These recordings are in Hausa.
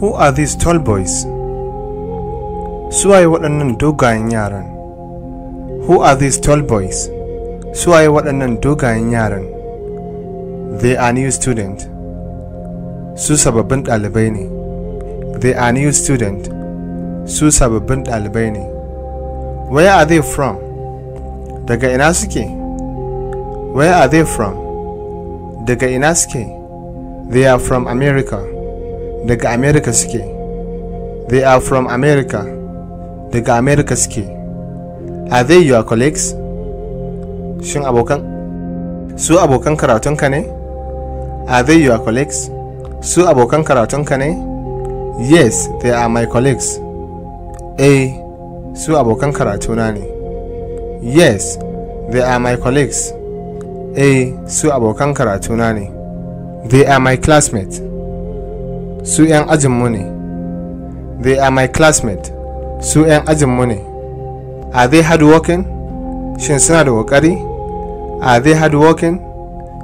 Who are these tall boys? Suwaye waɗannan dogayen yaran? Who are these tall boys? Suwaye waɗannan dogayen yaran? They are new student. Su sababbin ɗalibai ne. They are new student. Su sababbin ɗalibai ne. Where are they from? Daga ina suke? Where are they from? Daga ina suke? They are from America. daga america suke they are from america daga america suke are they your colleagues shin abokan su abokan karatunka ne are they your colleagues su abokan karatunka ne yes they are my colleagues eh su abokan karatuna ne yes they are my colleagues eh su abokan karatuna ne they are my classmates su 'yan ajinmu ne they are my classmate su 'yan ajinmu ne are they hardworking shin suna da ƙoƙari are they hardworking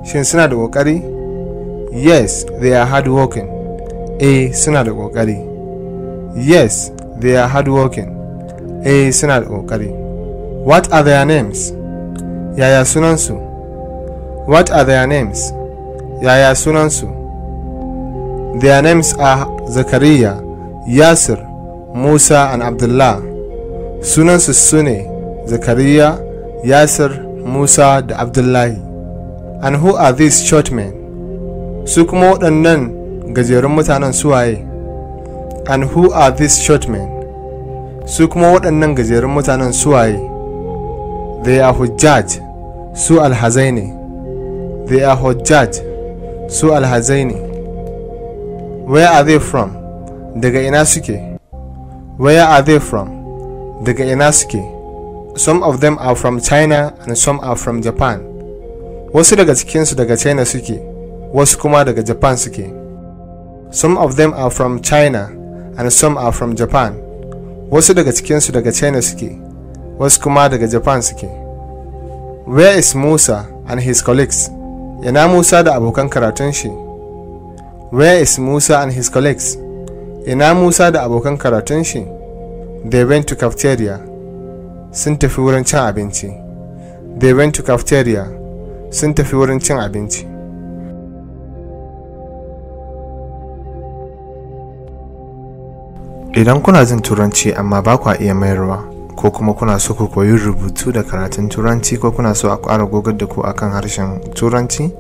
shin suna da ƙoƙari yes they are hardworking eh suna da ƙoƙari yes they are hardworking eh suna da ƙoƙari what are their names yaya sunansu what are their names yaya sunansu Their names are zakariya Yasir, Musa, and Abdullah. Sunansu su ne Zakariya, Yasir, Musa da Abdullahi. And who are these short men? Su kuma waɗannan gajerun mutanen suwaye. And who are these short men? Su kuma waɗannan gajerun mutanen suwaye. They are Hujjaj, su alhazai ne. They are Hujjaj, su alhazai ne. where are they from daga ina suke where are they from daga ina suke some of them are from china and some are from japan wasu daga cikinsu daga china suke wasu kuma daga japan suke some of them are from china and some are from japan wasu daga cikinsu daga china suke wasu kuma daga japan suke where is musa and his colleagues yana musa da abokan karatun shi Where is Musa and his colleagues? Ina Musa da abokan karatun shi? They went to cafeteria. Sun tafi wurin cin abinci. They went to cafeteria. Sun tafi wurin cin abinci. Idan kuna jin Turanci amma ba kwa iya mayarwa, ko kuma kuna so ku koyi rubutu da karatun Turanci ko kuna so a ƙara gogar da ku akan harshen Turanci,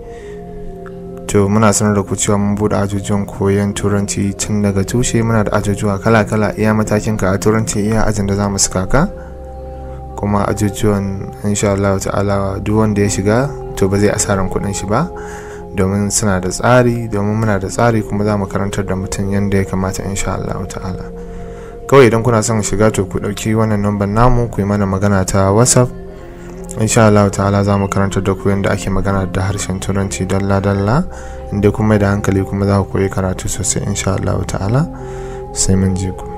to muna sanar da ku cewa mun bude ajujuwan koyon turanci tun daga tushe muna da ajujuwa kala-kala iya matakin ka a turanci iya ajin da za mu saka ka kuma ajujuwan insha Allah ta'ala duk wanda ya shiga to ba zai asaran kuɗin shi ba domin suna da tsari domin muna da tsari kuma za mu karantar da mutum yadda ya kamata insha Allah ta'ala kawai idan kuna son shiga to ku ɗauki wannan number namu ku yi mana magana ta whatsapp insha Allah ta'ala za mu karanta da yadda ake magana da harshen turanci dalla dalla inda kuma da hankali kuma za ku koyi karatu sosai insha Allah ta'ala sai mun je ku